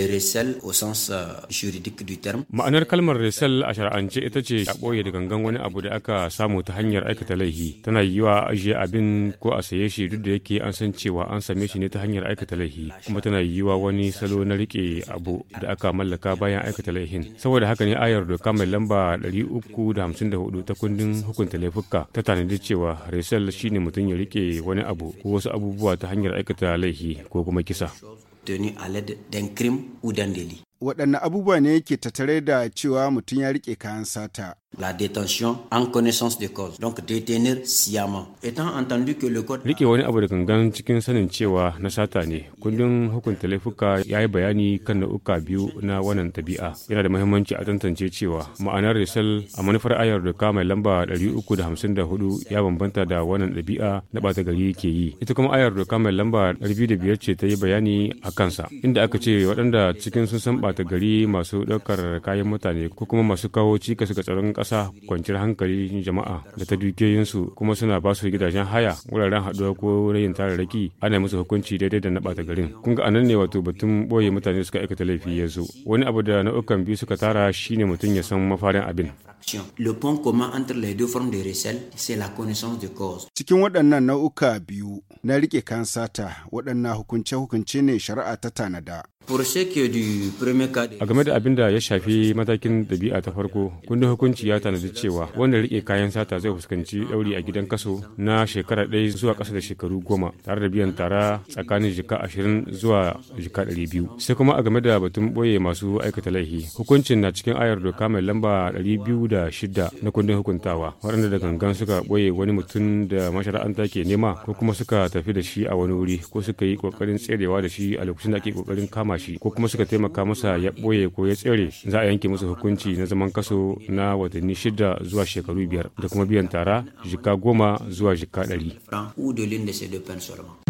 Le au sens euh, juridique du terme. Ma'anar kalmar resel a shara'ance ita ce a ɓoye da gangan wani abu da aka samu ta hanyar aikata laifi. Tana yiwa ajiye abin ko a saye shi duk da yake an san cewa an same shi ne ta hanyar aikata laifi kuma tana yiwa wani salo na rike abu da aka mallaka bayan aikata laifin. Saboda haka ne ayar doka mai lamba 354 ta kundin hukunta laifuka ta tanadi cewa resel shine mutum ya rike wani abu ko wasu abubuwa ta hanyar aikata laifi ko kuma kisa. à l'aide d'un crime ou d'un délit. waɗanne abubuwa ne ke tattare da cewa mutum ya riƙe kayan sata. La détention en connaissance de cause, donc détenir sciemment. Étant entendu que le code... Rike wani abu da gangan cikin sanin cewa na sata ne, kundin hukunta laifuka ya yi bayani kan nau'uka biyu na wannan tabi'a. Yana da muhimmanci a tantance cewa ma'anar risal a manufar ayar doka mai lamba 354 ya bambanta da wannan ɗabi'a na ɓata gari ke yi. Ita kuma ayar doka mai lamba 205 ce ta yi bayani a kansa, inda aka ce waɗanda cikin sun san ɓata gari masu ɗaukar kayan mutane ko kuma masu kawo cikas ga tsaron ƙasa kwanciyar hankali jama'a da ta dukiyoyinsu kuma suna ba su gidajen haya wuraren haɗuwa ko rayin tararraki ana musu hukunci daidai da na ɓata garin kun ga anan ne wato batun ɓoye mutane suka aikata laifi ya zo wani abu da nau'ukan biyu suka tara shine mutum ya san mafarin abin Le point commun entre les deux formes de recel, c'est la connaissance de cause. Cikin waɗannan nau'uka biyu na rike kan sata waɗannan hukunce-hukunce ne shari'a ta tanada. A game da abin da ya shafi matakin ɗabi'a ta farko, kundin hukunci ya tanadi cewa wanda rike kayan sata zai fuskanci ɗauri a gidan kaso na shekara ɗaya zuwa ƙasa da shekaru goma tare da biyan tara tsakanin jika ashirin zuwa jika ɗari biyu. Sai kuma a game da batun ɓoye masu aikata laifi, hukuncin na cikin ayar doka mai lamba ɗari biyu da shida na kundin hukuntawa waɗanda da gangan suka ɓoye wani mutum da mashara'anta ke nema ko kuma suka tafi da shi a wani wuri ko suka yi ƙoƙarin tserewa da shi a lokacin da ake ƙoƙarin kama shi ko kuma suka taimaka masa ya ɓoye ko ya tsere za a yanke musu hukunci na zaman kaso na watanni shida zuwa shekaru biyar da kuma biyan tara jika goma zuwa jika ɗari.